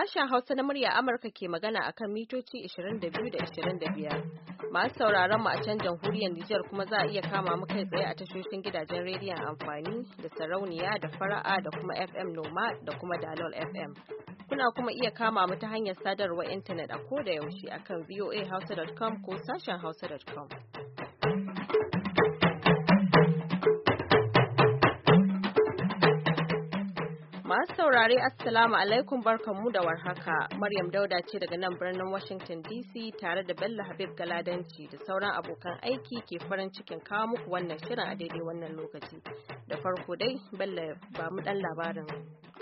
Sashen Hausa na murya Amurka ke magana a kan mitoci 22 da 25. Masu sauraron mu a can jamhuriyar Nijar kuma za a iya kama mu kai tsaye a tashoshin gidajen rediyon amfani da sarauniya da fara'a da kuma FM Noma da kuma Dalol FM. Kuna kuma iya kama mu ta hanyar sadarwar intanet a ko da yaushe a akan voahausa.com ko sashen hausa.com. Masu saurare Assalamu alaikum barkanmu da warhaka. Maryam Dauda ce daga nan birnin Washington DC tare da Bello Habib Galadanci da sauran abokan aiki ke farin cikin kawo muku wannan shirin a daidai wannan lokaci. Da farko dai Bello ba mu dan labarin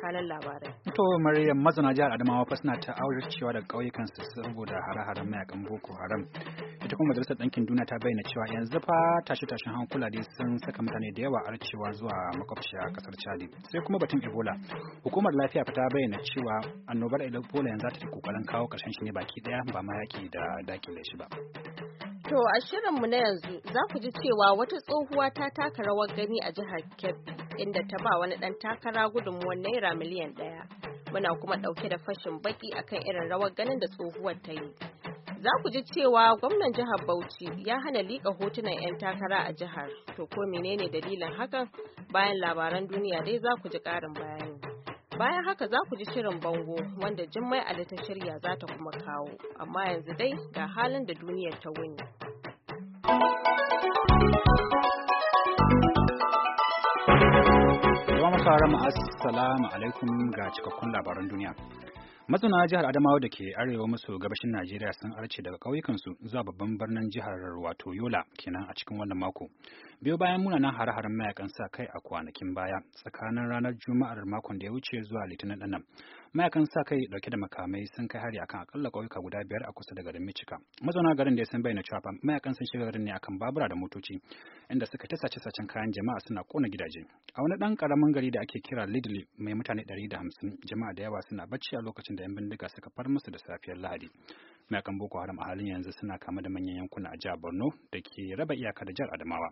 kalan labarai. To Maryam mazana jihar Adamawa fa suna ta aure cewa da ƙauyukan su saboda hare-haren mayakan Boko Haram. Ita kuma Majalisar Ɗinkin Duniya ta bayyana cewa yanzu fa tashe-tashen hankula dai sun saka mutane da yawa cewa zuwa makwabciya kasar Chad. Sai kuma batun Ebola. Hukumar lafiya fa ta bayyana cewa annobar Ebola yanzu za ta yi kokarin kawo ƙarshen shi ne baki ɗaya ba ma yaƙi da dakile shi ba. To a shirinmu na yanzu za ku ji cewa wata tsohuwa ta taka rawar gani a jihar Kebbi inda ta ba wani ɗan takara gudunmuwar naira miliyan ɗaya. Muna kuma ɗauke da fashin baki akan irin rawar ganin da tsohuwar ta yi. Za ku ji cewa gwamnan jihar Bauchi ya hana liƙa hotunan 'yan takara a jihar. To ko menene dalilin hakan? Bayan labaran duniya dai za ku ji ƙarin bayani. Bayan haka za ku ji shirin bango wanda Jummai Ali ta shirya za ta kuma kawo, amma yanzu dai ga halin da duniyar ta wuni. Jama'a Assalamu alaikum ga cikakkun labaran duniya. Mazauna jihar Adamawa da ke arewa maso gabashin Najeriya sun arce daga ƙauyukansu zuwa babban birnin jihar wato Yola kenan a cikin wannan mako. Biyo bayan munanan hare-haren mayakan sa kai a kwanakin baya tsakanin ranar Juma'ar makon da ya wuce zuwa Litinin ɗannan. mayakan sa kai dauke da makamai sun kai hari akan akalla kauyuka guda biyar a kusa da garin Michigan. Mazauna garin da ya san bayyana cewa mayakan sun shiga garin ne akan babura da motoci inda suka ta sace sacen kayan jama'a suna kona gidaje. A wani dan karamin gari da ake kira Lidley mai mutane 150 jama'a da yawa suna bacci a lokacin da 'yan bindiga suka far musu da safiyar Lahadi. mayakan boko haram a halin yanzu suna kama da manyan yankuna a jihar borno da ke raba iyaka da jihar adamawa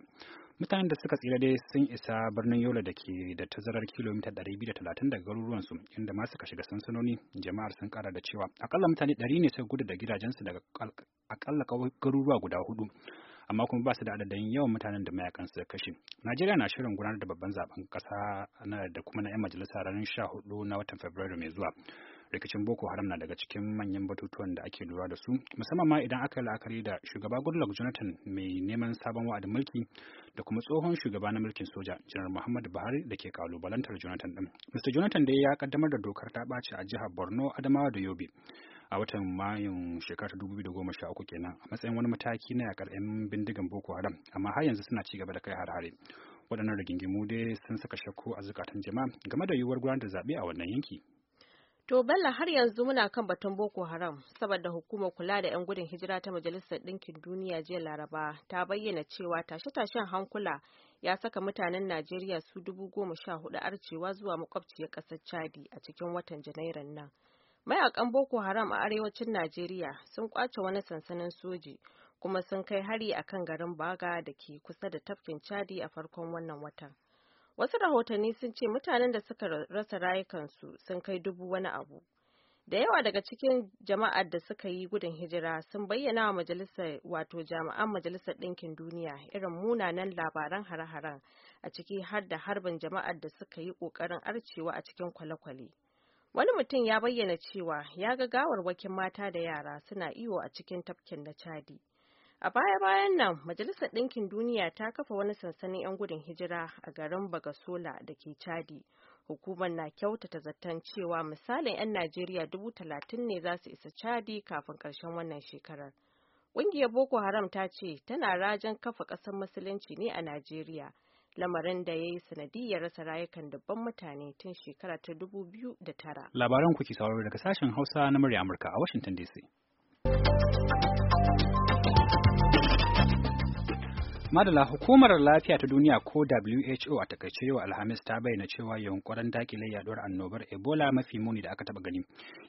mutanen da suka tsira dai sun isa birnin yola da ke da tazarar kilomita 230 daga garuruwansu inda ma suka shiga sansanoni jama'ar sun kara da cewa akalla mutane 100 ne suka gudu da gidajensu daga akalla garuruwa guda hudu amma kuma ba su da adadin yawan mutanen da mayakan su kashe. Najeriya na shirin gudanar da babban zaben kasa da kuma na 'yan majalisa ranar 14 na watan Fabrairu mai zuwa. rikicin boko haram na daga cikin manyan batutuwan da ake lura da su musamman ma idan aka yi la'akari da shugaba goodluck jonathan mai neman sabon wa'adin mulki da kuma tsohon shugaba na mulkin soja janar muhammadu buhari da ke kalubalantar jonathan din mr jonathan dai ya kaddamar da dokar ta ɓaci a jihar borno adamawa da yobe a watan mayun shekarar 2013 kenan a matsayin wani mataki na yakar 'yan bindigan boko haram amma har yanzu suna ci gaba da kai harhare. waɗannan rigingimu dai sun saka shakku a zukatan jama'a game da yiwuwar gudanar da zaɓe a wannan yanki To Bello har yanzu muna kan batun Boko Haram saboda hukumar kula da 'yan gudun hijira ta Majalisar Ɗinkin Duniya jiya Laraba ta bayyana cewa tashe-tashen hankula ya saka mutanen Najeriya su dubu goma sha hudu arcewa zuwa makwabciyar ƙasar Chadi a cikin watan Janairun nan. Mayakan Boko Haram a arewacin Najeriya sun kwace wani sansanin soji kuma sun kai hari a kan garin Baga da ke kusa da tafkin Chadi a farkon wannan watan. Wasu rahotanni sun ce mutanen da suka rasa rayukansu sun kai dubu wani abu. Da yawa daga cikin jama'ar da suka yi gudun hijira sun bayyana wa majalisar wato jami'an majalisar ɗinkin duniya irin munanan labaran hare-haren a ciki har da harbin jama'ar da suka yi ƙoƙarin arcewa a cikin kwale-kwale. Wani mutum ya bayyana cewa ya ga gawarwakin mata da yara suna iyo a cikin tafkin na Chadi. A baya-bayan nan, Majalisar Ɗinkin Duniya ta kafa wani sansanin 'yan gudun hijira a garin Bagasola da ke Chadi. Hukumar na kyautata zaton cewa misalin 'yan Najeriya dubu talatin ne za su isa Chadi kafin ƙarshen wannan shekarar. Ƙungiyar Boko Haram ta ce tana rajin kafa ƙasar Musulunci ne a Najeriya, lamarin da ya yi sanadiyar rasa rayukan dubban mutane tun shekara ta dubu biyu da tara. Labaran kuke sauraro daga sashen Hausa na murya Amurka a Washington DC. Madala hukumar lafiya ta duniya ko WHO a takaice yau Alhamis ta bayyana cewa yunkurin dakile yaduwar annobar Ebola mafi muni da aka taba gani.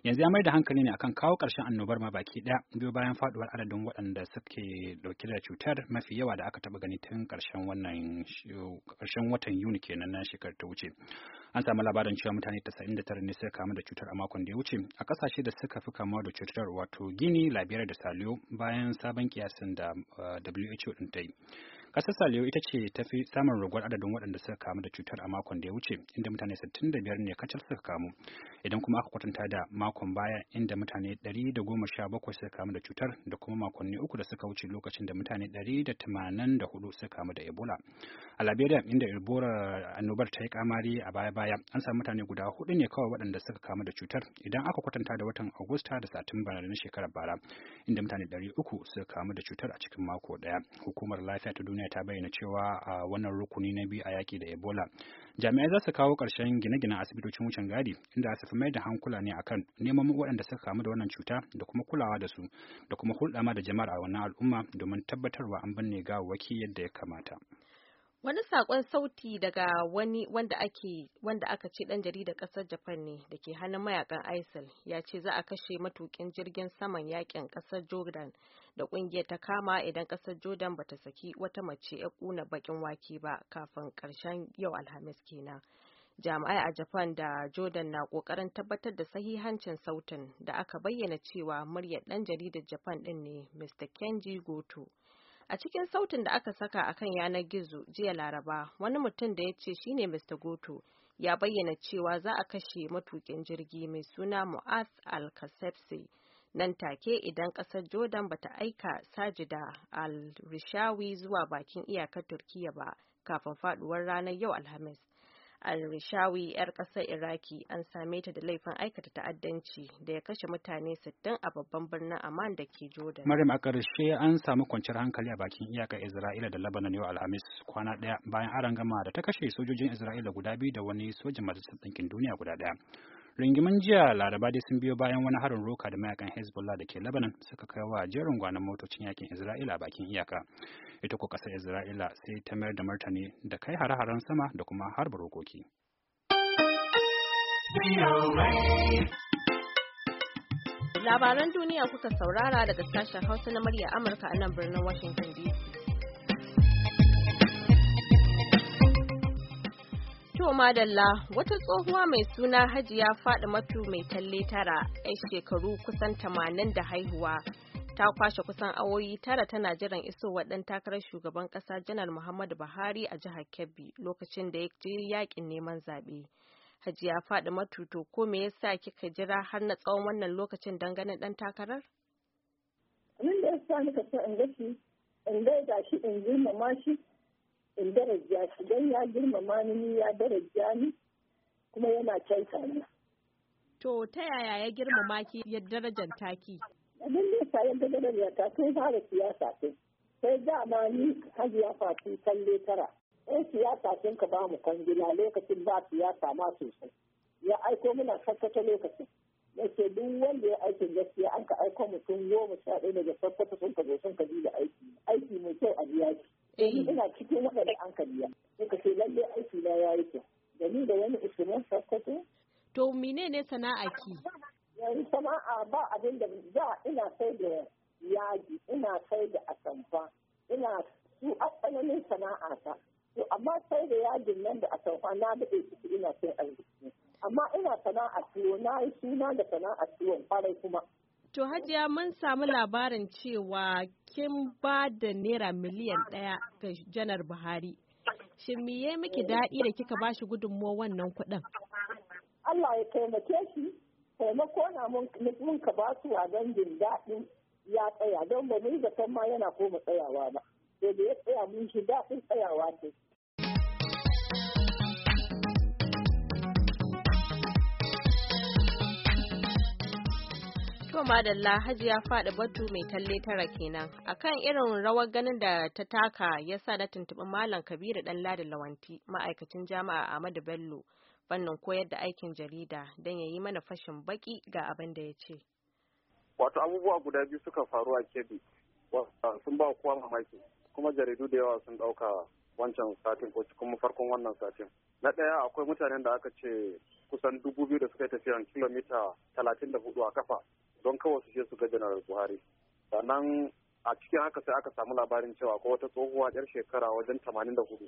Yanzu ya mai da hankali ne akan kawo ƙarshen annobar ma baki ɗaya biyo bayan faduwar adadin waɗanda suke dauke da cutar mafi yawa da aka taba gani tun ƙarshen wannan ƙarshen watan Yuni kenan na shekarar ta wuce. An samu labarin cewa mutane 99 ne suka kamu da cutar a makon da ya wuce a ƙasashe da suka fi kamuwa da cutar wato Gini, Liberia da Saliyo bayan sabon kiyasin da eh, WHO ɗin ta yi. kasar Saliyo ita ce ta fi samun raguwar adadin waɗanda suka kamu da cutar a makon da ya wuce, inda mutane 65 ne kacal suka kamu. Idan kuma aka kwatanta da makon baya inda mutane 117 suka kamu da cutar da kuma makonni uku da suka wuce lokacin da mutane 184 suka kamu da Ebola. A Liberia inda Ebola annobar ta yi kamari a baya-baya an samu mutane guda hudu ne kawai waɗanda suka kamu da cutar idan aka kwatanta da watan Agusta da Satumba na shekarar bara inda mutane 300 suka kamu da cutar a cikin mako daya. Hukumar Lafiya ta Duniya duniya ta bayyana cewa a wannan rukuni na biyu a yaƙi da Ebola. Jami'ai za su kawo ƙarshen gine-ginen asibitocin wucin gadi inda su fi mai da hankula ne akan neman waɗanda suka kamu da wannan cuta da kuma kulawa da su da kuma hulɗama da jama'ar a wannan al'umma domin tabbatarwa an binne gawawwaki yadda ya kamata. Wani sakon sauti daga wani wanda ake wanda aka ce dan jaridar kasar Japan ne da ke hannun mayakan ISIL ya ce za a kashe matukin jirgin saman yakin kasar Jordan da kungiyar ta kama idan kasar Jordan bata saki wata mace ya kuna bakin wake ba kafin karshen yau Alhamis kenan. Jami'ai a Japan da Jordan na kokarin tabbatar da sahihancin sautin da aka bayyana cewa muryar dan jaridar Japan din ne Mr. Kenji Goto. A cikin sautin da aka saka a kan yanar gizo jiya Laraba, wani mutum da ya ce shine Mr. Goto ya bayyana cewa za a kashe matukin jirgi mai suna Mu'az al nan take idan ƙasar Jordan bata aika Sajida al-Rishawi zuwa bakin iyakar Turkiyya ba kafin faduwar ranar yau Alhamis. al-rishawi 'yar ƙasar iraki an same ta da laifin aikata ta'addanci da ya kashe mutane 60 a babban birnin amman da ke jordan maryam a karshe an samu kwanciyar hankali a bakin iyakar isra'ila da labanan yau alhamis kwana daya bayan arangama da ta kashe sojojin isra'ila guda biyu da wani sojin majalisar ɗinkin duniya guda ɗaya rungumin jiya laraba dai sun biyo bayan wani harin roka da mayakan Hezbollah da ke Lebanon suka kai wa jerin gwanon motocin yakin Isra'ila bakin iyaka. Ita ko kasar Isra'ila sai ta mayar da martani da kai hare-haren sama da kuma harba rokoki. Labaran duniya kuka saurara daga sashen Hausa na murya Amurka a nan birnin Washington DC. To madalla wata tsohuwa mai suna hajiya matu mai talle tara 'yan shekaru kusan tamanin da haihuwa ta kwashe kusan awoyi tara tana jiran isowa ɗan takarar shugaban ƙasa janar muhammadu buhari a jihar kebbi lokacin da ya je yakin neman zaɓe hajiya matu to ko me yasa kika jira har na tsawon wannan lokacin don ganin ɗan takarar in da ya sa ka so in gashi in ga shi in girmama shi in daraja shi don ya girmama ni ya daraja ni kuma yana kyaita ni. To ta yaya ya girmama ki ya darajar taki? Abin da sa yadda darajar ta sai fara siyasa ce. Sai dama ni hajiya fati kalle tara. Ɗan siyasa sun ka ba mu kwangila lokacin ba siyasa ma sosai. Ya aiko muna sakkata lokacin. Na ce duk wanda ya aikin gaskiya an ka aiko mutum goma sha ɗaya daga sakkata sun ka zo sun ka da aiki. Aiki mai kyau a biya shi. Ni eh, mm. ina cikin waɗanda an kariya. Suka ce lalle aiki na ya yi kyau. Da ni da wani ishirin sakwato. To sana'a ki? Yanzu sana'a ba abin da za ina sai da yaji, ina sai da atamfa, ina su asalanin sana'a ta. To amma sai da yajin nan da atamfa na daɗe ciki ina sai arziki. Amma ina sana'a ciwo na yi suna da sana'a ciwon kwarai kuma. To Hajiya mun samu labarin cewa kin ba da naira miliyan ɗaya ga janar Buhari. Shin me ya miki daɗi da kika ba shi gudunmuwa wannan kuɗin? Allah ya taimake shi, taimako na mun ka ba su don jin daɗin ya tsaya don ba mu yi zaton ma yana koma tsayawa ba. da da ya tsaya mun shi daɗin tsayawa ce. madalla hajiya faɗi batu mai talle tara kenan akan irin rawar ganin da ta taka ya sa na tuntuɓi malam kabiru ɗan ladin lawanti ma'aikacin jami'a ahmadu bello fannin koyar da aikin jarida don ya yi mana fashin baki ga abin da ya ce wato abubuwa guda biyu suka faru a kebbi sun ba kowa mamaki kuma jaridu da yawa sun ɗauka wancan satin ko cikin farkon wannan satin na ɗaya akwai mutanen da aka ce kusan dubu biyu da suka yi tafiyan kilomita talatin da hudu a kafa don kawai su je su ga janar buhari sannan a cikin haka sai aka samu labarin cewa ko wata tsohuwa yar shekara wajen tamanin da hudu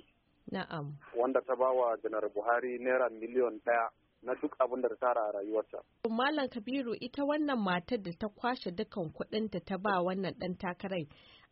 wanda ta bawa janar buhari naira miliyon daya na duk abin da ta tara a rayuwarta. Malam Kabiru ita wannan matar da ta kwashe dukan kuɗinta ta ba wannan ɗan takarai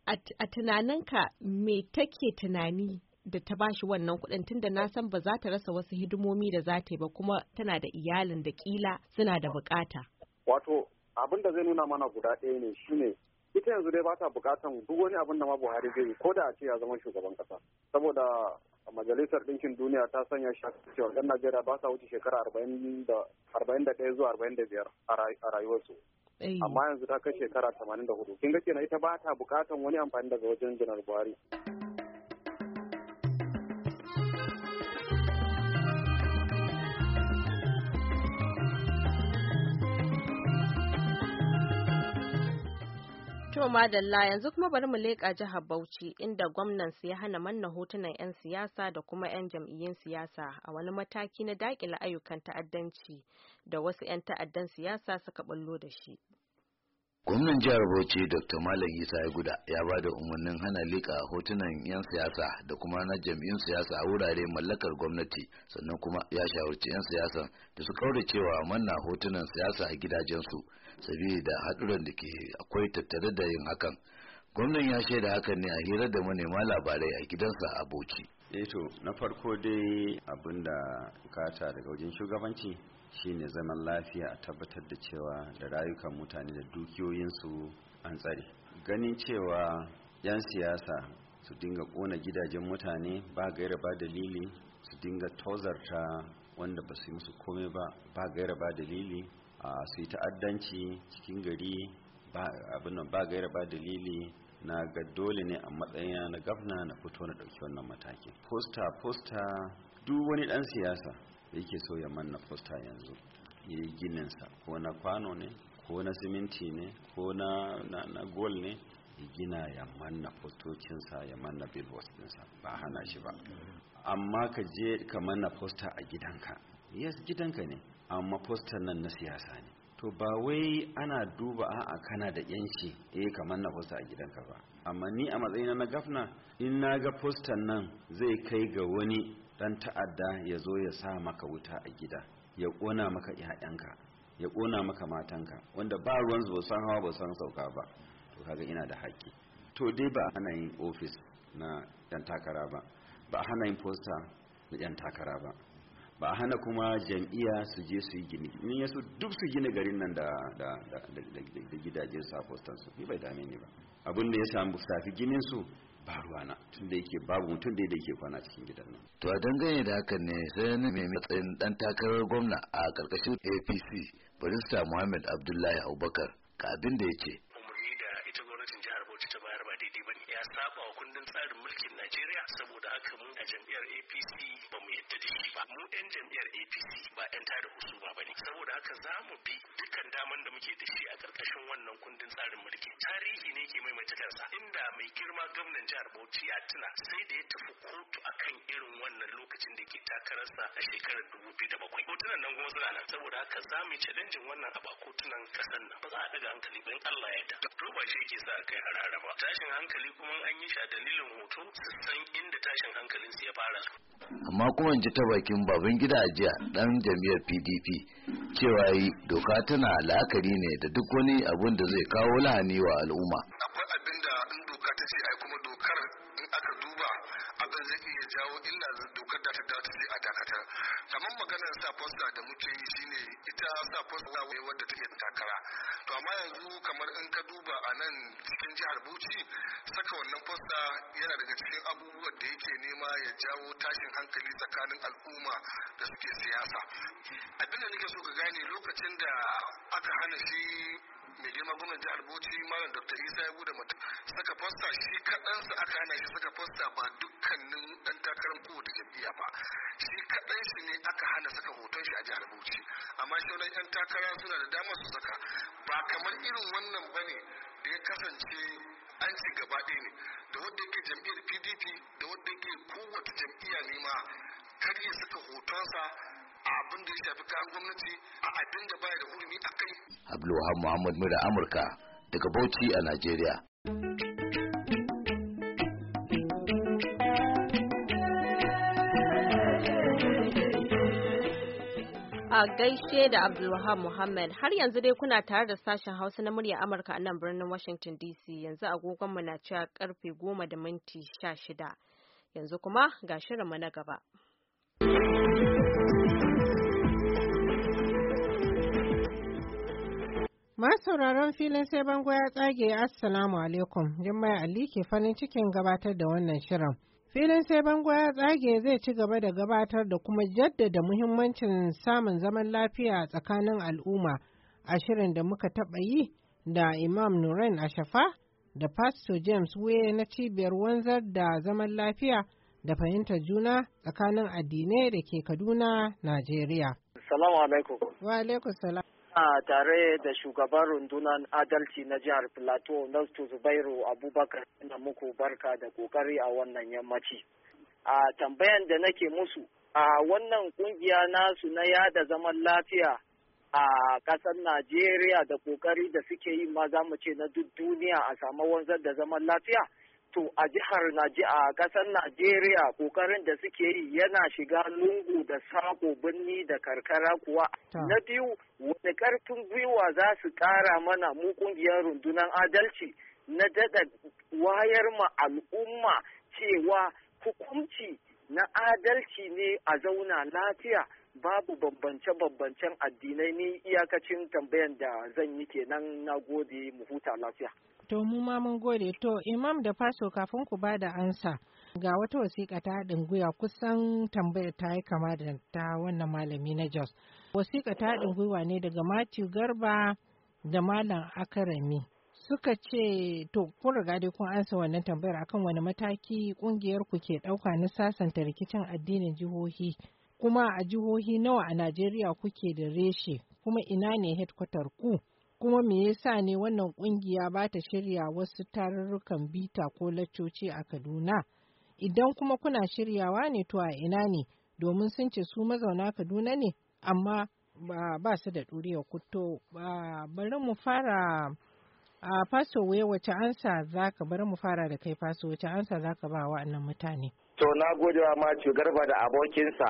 a tunaninka me take tunani da ta bashi wannan kuɗin tunda na san ba za ta rasa wasu hidimomi da za ta yi ba kuma tana da iyalin da kila suna da bukata. Wato abin da zai nuna mana guda ɗaya ne shine ita yanzu dai ba ta bukatan duk wani abin da ma Buhari zai yi ko da a ce ya zama shugaban kasa saboda majalisar ɗinkin duniya ta sanya cewa ɗan Najeriya ba sa wuce shekara arba'in da ɗaya zuwa arba'in da biyar a rayuwarsu eh. amma yanzu ta kai shekara tamanin da hudu kin ga kenan ita ba ta bukatan wani amfani daga wajen janar Buhari. To madalla yanzu kuma bari mu leƙa jihar Bauchi inda gwamnan su ya hana manna hotunan 'yan siyasa da kuma 'yan jam'iyyun siyasa a wani mataki na daƙile ayyukan ta'addanci da wasu 'yan ta'addan siyasa suka bullo da shi. gwamnan jihar bauchi dr malam isa ya guda ya ba da umarnin hana lika hotunan yan siyasa da kuma na jam'in siyasa a wurare mallakar gwamnati sannan kuma ya shawarci yan siyasa da su kaura cewa manna hotunan siyasa a gidajensu sabili da haɗuran da ke akwai tattare da yin hakan gwamnan ya shaida hakan ne a hirar da manema labarai a gidansa a bauchi eto eh na farko dai abinda kata daga wajen shugabanci shine zaman lafiya a tabbatar da cewa da rayukan mutane da dukiyoyinsu an tsare ganin cewa 'yan siyasa su dinga kona gidajen mutane ba gaira ba dalili su dinga tozarta wanda ba su yi musu kome ba ba gaira ba dalili a su yi ta'addanci cikin gari ba gaira ba dalili na ga dole ne a matsayin na gafna na fito na ɗauki wannan matakin posta posta duk wani ɗan siyasa da yake so ya manna fosta yanzu ya yi gininsa ko na kwano ne ko na siminti ne ko na, na, gol ne ya gina ya manna fostocinsa ya manna billboards dinsa ba hana shi ba amma ka je ka manna fosta a gidanka yes gidanka ne amma fostan nan na siyasa ne to ba wai ana duba a'a kana da yanci eh ka na fosta a gidanka ba amma ni a matsayina na gafna in na ga fostan nan zai kai ga wani dan ta'adda ya zo ya sa maka wuta a gida ya ƙona maka ‘ya'yanka ya kona maka matanka wanda ba ruwan zuwa san hawa ba san sauka ba to kaga ina da haƙƙi to dai ba ana yin ofis na ‘yan takara ba ba hana yin posta na ‘yan takara ba ba hana kuma jam'iyya su je su yi gini ya su duk su gina garin nan da gidaje su a postan su ni bai dame ni ba abin da ya samu safi ginin su ba ruwana tun da yake babu mutum da yake kwana cikin gidan nan to a dangane da hakan ne sai na mai matsayin dan takarar gwamna a karkashin APC barista Muhammad Abdullahi Abubakar ka abin da ya ce apc ba 'yan da wasu, ba ne saboda haka za mu bi dukkan daman da muke da shi a ƙarƙashin wannan kundin tsarin mulki tarihi ne ke maimaita kansa inda mai girma gwamnan jihar bauchi ya tuna sai da ya tafi kotu akan irin wannan lokacin da ke takararsa a shekarar dubu da bakwai kotunan nan kuma suna nan saboda haka za mu yi challenging wannan a kotunan kasan nan ba za a daga hankali ba in Allah ya yarda to ba shi yake sa kai harara ba tashin hankali kuma an yi shi a dalilin hoto su inda tashin hankalin su ya fara amma kuma in ji ta bakin baban gida a jiya ɗan jami'ar pdp cewa yi doka tana la'akari ne da duk wani abin da zai kawo lahani wa al'umma akwai abin aka duba abin zai iya jawo illa dokar da ta dace sai a dakatar kamar maganar sa posta da muke yi shine ita sa posta wai wanda take takara to amma yanzu kamar in ka duba a nan cikin jihar Bauchi saka wannan posta yana daga cikin abubuwan da yake nema ya jawo tashin hankali tsakanin al'umma da suke siyasa abin da nake so ka gane lokacin da aka hana shi mai girma gwamnan jihar Bauchi malam Dr. Isa ya bude mata saka posta shi kaɗansa aka hana shi saka fosta ba dukkanin dan takarar kowace jam'iyya ba shi kaɗan shi ne aka hana saka hoton shi a jihar bauchi amma shauran yan takara suna da damar su saka ba kamar irin wannan bane da ya kasance an ci gaba ɗaya ne da wanda yake jam'iyyar pdp da wanda yake kowace jam'iyya ne ma kar ya saka hotonsa a abin da ya shafi kayan gwamnati a abin da baya da hurumi a kai. Abdulwahab Muhammad Mura Amurka daga Bauchi a Najeriya. A gaishe da Abdulwahab Muhammad har yanzu dai kuna tare da sashen Hausa na murya Amurka a nan birnin Washington DC yanzu agogonmu na cewa karfe goma da minti sha shida. Yanzu kuma ga shirinmu na gaba. sauraron filin sai bango ya tsage Assalamu alaikum. Jummai Ali ke farin cikin gabatar da wannan shirin. filin sai bango ya tsage zai ci gaba da gabatar da kuma jaddada muhimmancin samun zaman lafiya tsakanin al'umma a shirin da muka taɓa yi da imam nuren ashafa da pastor james wuye na cibiyar wanzar da zaman lafiya da fahimtar juna tsakanin addinai da ke kaduna najeriya salamu alaikum wa alaikum salam A tare da shugaban rundunar adalci na jihar Plateau, Nastu Zubairu Abubakar, na muku barka da kokari a wannan yammaci. A tambayan da nake musu, a wannan kungiya nasu na yada zaman lafiya a ƙasar Najeriya da kokari da suke yi ma za mu ce na duk duniya a samu wanzar da zaman lafiya. to a jihar Najeriya a kasar najeriya kokarin da suke yi yana shiga lungu da sako birni da karkara kuwa na biyu wani karfin gwiwa za su kara mana mu kungiyar rundunar adalci na dada wayar ma al'umma cewa hukunci na adalci ne a zauna lafiya babu bambance-bambancen addinai ni iyakacin tambayan da zan yi kenan na gode mu huta lafiya. To mu ma mun gode. To imam da faso kafin ku ba da ansa ga wata wasiƙa ta haɗin gwiwa kusan tambayar ta yi kama da ta wannan malami na Jos. Wasiƙa ta haɗin gwiwa ne daga Matthew Garba da Malam Akarami. Suka ce to kun riga dai kun ansa wannan tambayar akan wani mataki kungiyar ku ke ɗauka na sasanta rikicin addinin jihohi kuma a jihohi nawa a Najeriya kuke da reshe kuma ina ne headquarter ku? kuma me yasa ne wannan kungiya ba ta shirya wasu tarurrukan bita ko laccoci a Kaduna? Idan kuma kuna shiryawa ne to a ina ne domin sun ce su mazauna Kaduna ne amma ba su da ɗuriyar kuto. Bari mu fara a faso wace ansa za ka bari mu fara da kai faso wace ansa za ka ba wa'annan mutane. To na gode wa Matthew Garba da abokinsa.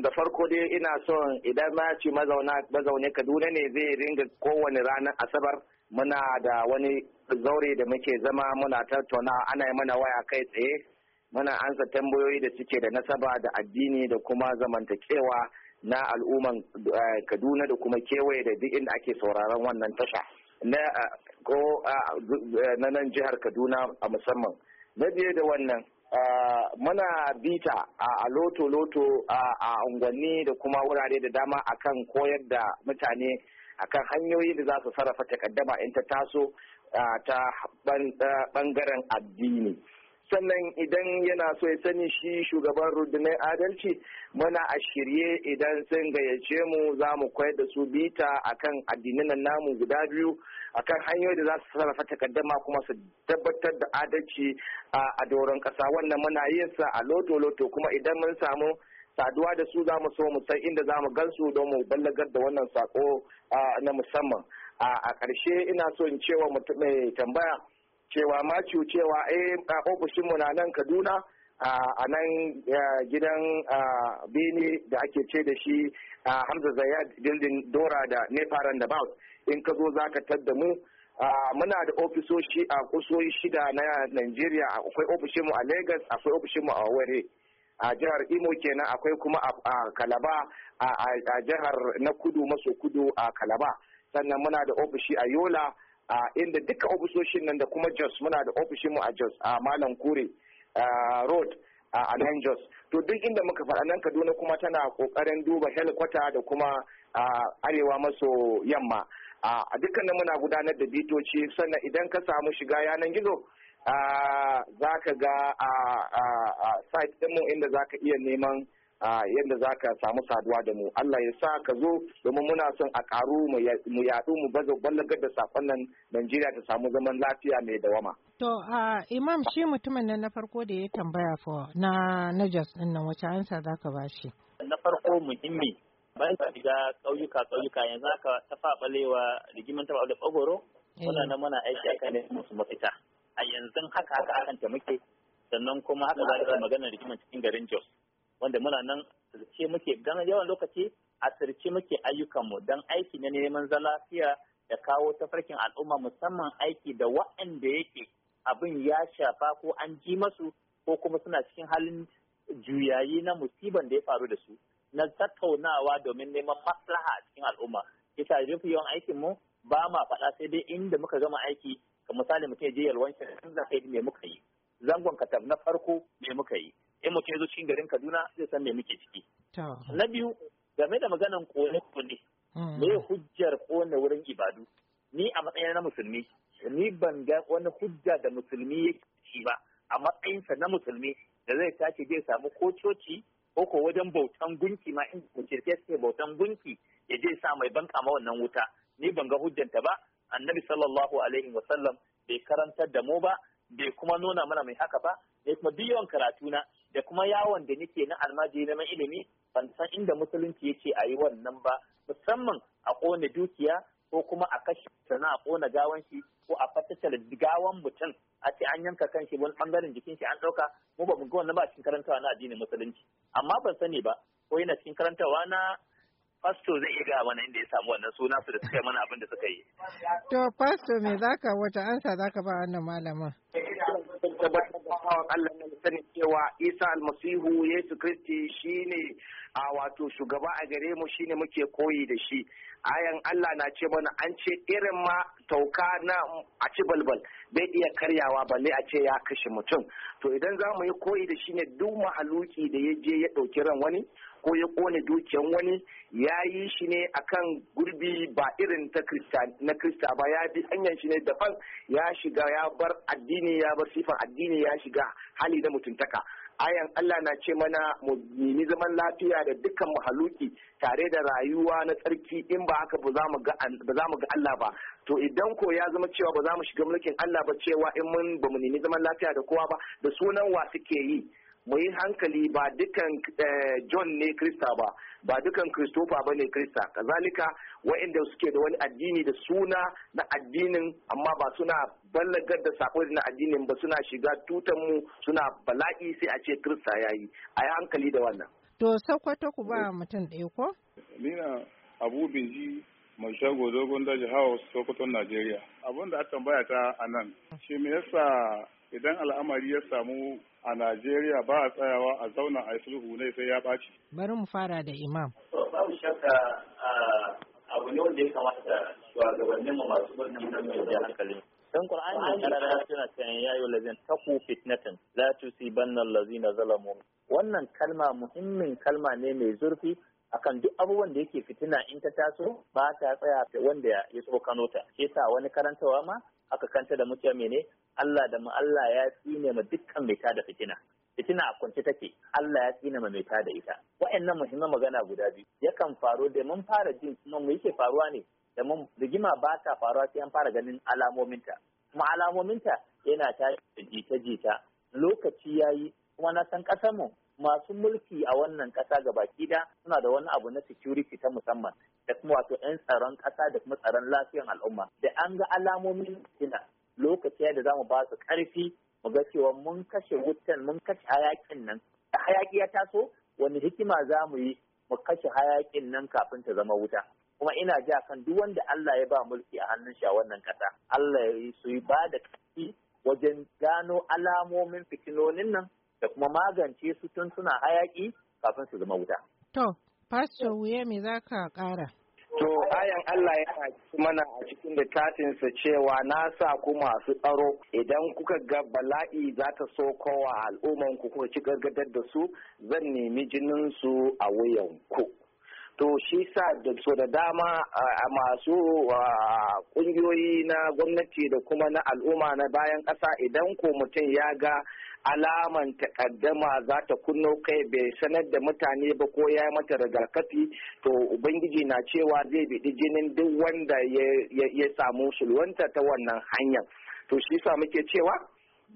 da farko dai ina son idan Matthew mazauna mazaune Kaduna ne zai ringa kowane ranar Asabar muna da wani zaure da muke zama muna tattauna ana yi mana waya kai tsaye muna ansa tambayoyi da suke da nasaba da addini da kuma zamantakewa na al'umman eh, Kaduna da kuma kewaye da duk inda ake sauraron wannan tasha. na eh, eh, na nan jihar Kaduna a musamman. Na biye da wannan muna bita a loto-loto a unguwanni da kuma wurare da dama akan koyar da mutane akan hanyoyi da za su sarrafa takaddama in ta taso ta bangaren addini sannan idan yana so ya sani shi shugaban rundunar adalci muna a shirye idan sun gayyace mu za mu koyar da su bita akan addinan namu guda biyu akan hanyoyi da za su sarrafa takaddama kuma su tabbatar da adalci a doron ƙasa wannan muna yin sa a loto-loto kuma idan mun samu saduwa da su za mu so mu san inda za mu gansu don mu ballagar da wannan sako na musamman a ƙarshe ina so in cewa mai tambaya cewa maciu cewa eh ofishinmu na nan kaduna a nan gidan bene da ake ce da shi hamza zayad building dora da and about in ka zo za ka tadda mu muna da ofisoshi a kusoyi shida na nigeria akwai ofishinmu a Lagos akwai ofishinmu a ware a jihar Imo kenan akwai kuma a Kalaba a jihar na kudu maso kudu a Kalaba sannan muna da ofishi a Yola inda duka ofisoshin nan da kuma Jos muna da ofishinmu a Jos a Malam Kure road a nan jos to duk inda muka faɗa nan kaduna kuma tana ƙoƙarin duba helikwata da kuma arewa maso yamma a dukkanin muna gudanar da bitoci sannan idan ka samu shiga yanan gizo za ka ga a site ɗinmu inda za ka iya neman a yadda za ka samu saduwa da mu Allah ya sa ka zo domin muna son a karu mu yaɗu mu baza ballagar da sakon nan Najeriya ta samu zaman lafiya mai dawama. To a imam shi mutumin nan na farko da ya tambaya fa na Najas Jos din nan wace ansa za ka bashi? Na farko muhimmi bayan ka shiga ƙauyuka ƙauyuka yanzu aka tafa balewa rigiman tafa da bagoro wannan eh. muna aiki aka ne musu mafita a yanzu haka haka akan ta muke sannan kuma haka za ka magana rigiman cikin garin Jos. wanda muna nan sirce muke don yawan lokaci a sirce muke ayyukanmu don aiki na neman zalafiya da kawo tafarkin al'umma musamman aiki da waɗanda yake abin ya shafa ko an ji masu ko kuma suna cikin halin juyayi na musiban da ya faru da su na tattaunawa domin neman maslaha a cikin al'umma bisa rufe yawan aikin mu ba ma faɗa sai dai inda muka gama aiki ka misali mutum je yalwan shi kan me muka yi zangon katab na farko me muka yi in mutum ya zo cikin garin Kaduna zai san me muke ciki. Na biyu game da maganan kone kone mm. me hujjar kone wurin ibadu ni a matsayin na musulmi ni ban ga wani hujja da musulmi yake ci ba a matsayinsa na musulmi da zai tashi zai samu ko coci ko ko wajen bautan gunki ma in kirke suke bautan gunki ya je sa mai banka ma wannan wuta ni ban ga ta ba annabi sallallahu alaihi wasallam bai karantar da mu ba bai kuma nuna mana mai haka ba ne kuma duk yawan karatu na da kuma yawon da nake na almajiri na ilimi ban san inda musulunci yake a yi wannan ba musamman a kone dukiya ko kuma a kashe sana a kona gawan shi ko a fatattar gawan mutum a ce an yanka kan shi wani bangaren jikin shi an ɗauka mu ba mu ga wannan ba cikin karantawa na addinin musulunci amma ban sani ba ko yana cikin karantawa na fasto zai iya mana inda ya samu wannan suna su da suka yi mana abin da suka yi. To fasto me zaka wata ansa zaka ba wannan malama? Allah na sani cewa Isa almasihu Yesu Kristi shine a wato shugaba a gare mu shine muke koyi da shi. Ayan Allah na ce mana an ce irin ma tauka na a ci balbal bai iya karyawa balle a ce ya kashe mutum. To idan za mu yi koyi da shi ne duk mahaluki da ya je ya ɗauki ran wani ko ya kone dukiyan wani ya yi shi ne akan gurbi ba irin ta krista na krista ba ya bi hanyar shi ne daban ya shiga ya bar addini ya bar sifan addini ya shiga hali na mutuntaka ayan Allah na ce mana mu nemi zaman lafiya da dukkan mahaluki tare da rayuwa na tsarki in ba haka ba za mu ga Allah ba to idan ko ya zama cewa ba za mu shiga mulkin Allah ba cewa in mun ba mu nemi zaman lafiya da kowa ba da sunan wa suke yi mu yi hankali ba dukan eh, John ne Krista ba ba dukan Christopher ba ne Krista kazalika wa'inda suke da wani addini da suna na addinin amma ba suna ballagar da sako na addinin ba suna shiga tutan mu suna bala'i sai a ce Krista ya yi, a yi hankali da wannan to sakwato ku ba mutum ɗaya ko nina abu binji mai shago dogon daji house sokoton najeriya abin da a tambaya ta a nan shi me yasa idan al'amari ya samu a Najeriya ba a tsayawa a zauna a sulhu ne sai ya ɓaci. Bari mu fara da imam. Babu shakka abu ne wanda ya kamata shugabannin mu masu gwamnati da mai da hankali. Dan Qur'ani ne karara suna cewa ya yi lazin taku fitnatan la tusibanna allazina zalamu. Wannan kalma muhimmin kalma ne mai zurfi akan duk abubuwan da yake fitina in ta taso ba ta tsaya wanda ya tsokano ta. Ke sa wani karantawa ma aka kanta da mutum mene Allah da mu Allah ya tsine ma dukkan mai tada fitina fitina a kwance take Allah ya tsine ma mai tada ita wa'annan muhimman magana guda biyu yakan faru da mun fara jin kuma mu yake faruwa ne da mun rigima ba ta faruwa sai an fara ganin alamominta kuma alamominta yana ta jita jita lokaci yayi kuma na san kasar mu masu mulki a wannan ƙasa baki da suna da wani abu na security ta musamman da kuma wato 'yan tsaron ƙasa da kuma tsaron lafiyan al'umma da an ga alamomin kina lokaci da za mu ba su ƙarfi mu ga cewa mun kashe wutan mun kashe hayakin nan da hayaki ya taso wani hikima za mu yi mu kashe hayakin nan kafin ta zama wuta kuma ina ja kan duk wanda Allah ya ba mulki a hannun shi a wannan ƙasa Allah ya yi su yi ba da ƙarfi wajen gano alamomin fitinonin nan da kuma magance su tun suna hayaki kafin su zama wuta. To, Pastor Wuye me za ka ƙara? To, ayan Allah ya haƙi mana a cikin littafinsa cewa na sa ku masu tsaro idan kuka ga bala'i za ta so kowa al'umman ku kuka ci gargadar da su zan nemi jinin su a wuyan ku. to shi sa da so da dama a masu kungiyoyi na gwamnati da kuma na al'umma na bayan ƙasa idan ko mutum ya ga alaman takaddama za ta kunno kai bai sanar da mutane ba ko ya mata rigakafi to ubangiji na cewa zai biɗi jinin duk wanda ya samu sulwanta ta wannan hanyar to shi sa muke cewa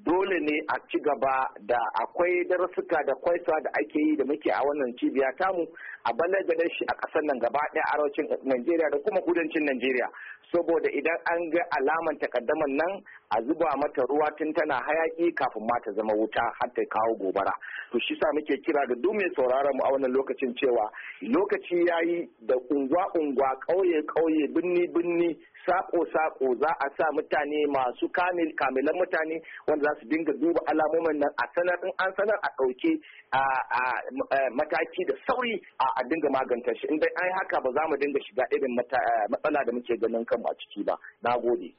dole ne a ci gaba da akwai darasuka da kwaisa da ake yi da muke a wannan cibiya tamu a balagada shi a ƙasar nan gaba ɗaya arewacin Najeriya da kuma kudancin Najeriya saboda idan an ga alaman takaddaman nan a zuba mata ruwa tun tana hayaki kafin ma ta zama wuta har ta kawo gobara to shi sa muke kira da duk sauraron mu a wannan lokacin cewa lokaci yayi da unguwa unguwa ƙauye ƙauye binni binni sako-sako za a sa mutane masu kamil kamilan mutane wanda za su dinga duba alamomin nan a sanar in an sanar a ɗauke eh, mataki da sauri a dinga maganta shi in dai an haka ba za mu dinga shiga irin eh, matsala da muke ganin kan a ciki ba na gode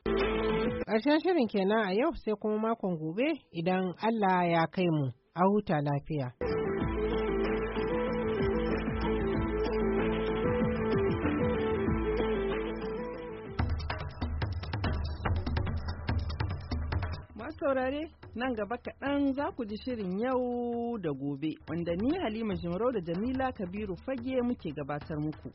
ƙarshen shirin kenan a yau sai kuma makon gobe idan allah ya kai mu a huta lafiya saurare nan gaba kaɗan za ku ji shirin yau da gobe wanda ni Halima jimarau da Jamila Kabiru fage muke gabatar muku.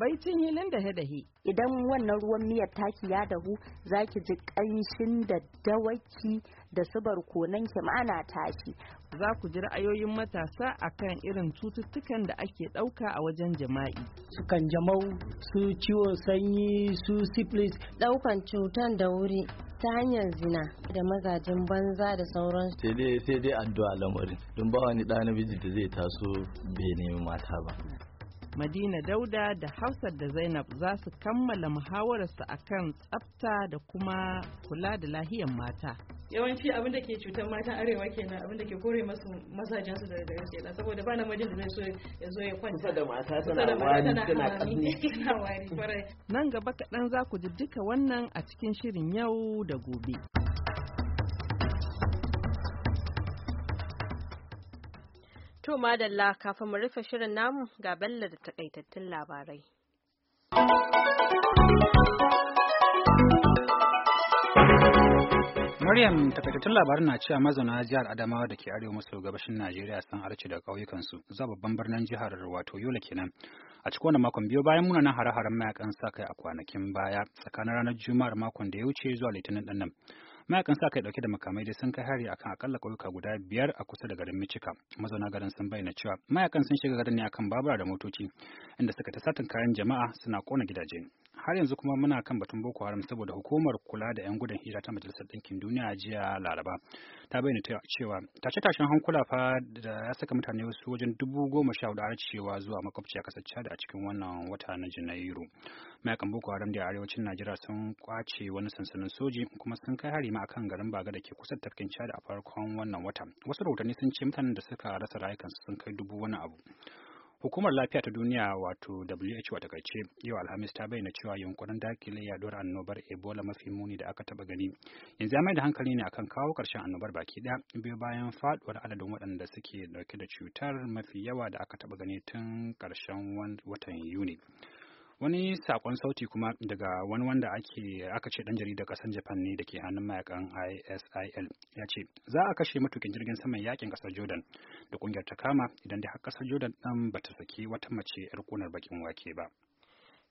baicin hilin da dahe idan wannan ruwan miyar taki ya dahu za ki ji ƙanshin da dawaki da su barkonan ki ma'ana tashi za ku ji ra'ayoyin matasa akan irin cututtukan da ake ɗauka a wajen jima'i su kanjamau su ciwon sanyi su syphilis ɗaukan cutan da wuri ta hanyar zina da magajin banza da sauran sai dai sai dai addu'a lamarin don ba wani ɗa namiji da zai taso bai nemi mata ba Madina Dauda da Hafsat da Zainab za su kammala muhawararsu akan tsafta da kuma kula da lahiyar mata. Yawanci abin da ke cutar matan arewa kenan abin da ke kore masu masajen su daga gare kenan saboda ba na mijin da zai so ya zo ya kwanta. Kusa da mata tana wani tana tana kwarai Nan gaba kaɗan za ku ji duka wannan a cikin shirin yau da gobe. To madalla kafin mu rufe shirin namu ga Bello da takaitattun labarai. Maryam takaitattun labarin na cewa mazauna jihar Adamawa da ke arewa maso gabashin Najeriya sun arce da ƙauyukansu zuwa babban birnin jihar wato Yola kenan. A cikin wani makon biyu bayan munanan hare-haren mayakan sa kai a kwanakin baya tsakanin ranar Juma'ar makon da ya wuce zuwa Litinin ɗan mayakan sa kai dauke da makamai dai sun kai hari akan akalla kauyuka guda biyar a kusa da garin michika Mazauna garin sun bayyana cewa mayakan sun shiga garin ne akan babura da motoci inda suka ta satin kayan jama'a suna kona gidaje. har yanzu kuma muna kan batun Boko Haram saboda hukumar kula da 'yan gudun hira ta Majalisar Ɗinkin Duniya jiya Laraba ta bayyana cewa tashe-tashen hankula fa da ya saka mutane wasu wajen dubu goma sha hudu har cewa zuwa ya kasar da a cikin wannan wata na Janairu. Mayakan Boko Haram da arewacin Najeriya sun kwace wani sansanin soji kuma sun kai hari ma akan garin Baga da ke kusa tafkin Chad a farkon wannan wata. Wasu rahotanni sun ce mutanen da suka rasa rayukansu sun kai dubu wani abu. Hukumar Lafiya ta Duniya wato WHO a takaice yau Alhamis ta bayyana cewa yunkurin dakile yaduwar annobar Ebola mafi muni da aka taba gani. Yanzu ya mai da hankali ne akan kawo ƙarshen annobar baki ɗaya biyu bayan faduwar adadin waɗanda suke dauke da cutar mafi yawa da aka taba gani tun karshen watan Yuni. wani sakon sauti kuma daga wani wanda ake aka ce dan jaridar kasar japan ne da ke hannun mayakan isil ya ce za a kashe matukin jirgin saman yakin kasar jordan da kungiyar ta kama idan da har kasar jordan din bata saki wata mace yar kunar bakin wake ba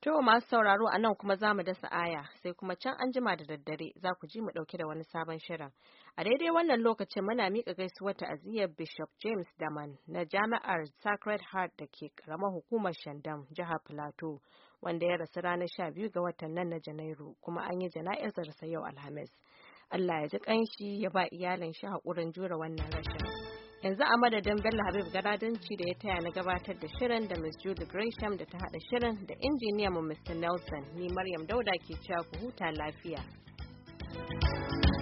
To masu sauraro a nan kuma za mu dasa aya sai kuma can an jima da daddare za ku ji mu ɗauke da wani sabon shirin. A daidai wannan lokacin muna miƙa gaisuwar ta'aziyar Bishop James Daman na Jami'ar Sacred Heart da ke hukumar Shandam, jihar Plateau, wanda ya rasu ranar sha biyu ga watan nan na Janairu kuma an yi jana'izarsa yau Alhamis. Allah ya ji kanshi ya ba iyalin shi haƙurin jure wannan rashin. Yanzu a madadin Bello Habib Garadanci da ya taya na gabatar da shirin da Miss Julie Gresham da ta haɗa shirin da injiniyan mu Mr. Nelson ni Maryam Dauda ke cewa ku huta lafiya. thank you